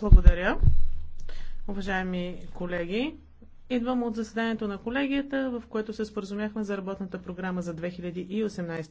Благодаря. Уважаеми колеги, идвам от заседанието на колегията, в което се споразумяхме за работната програма за 2018 година.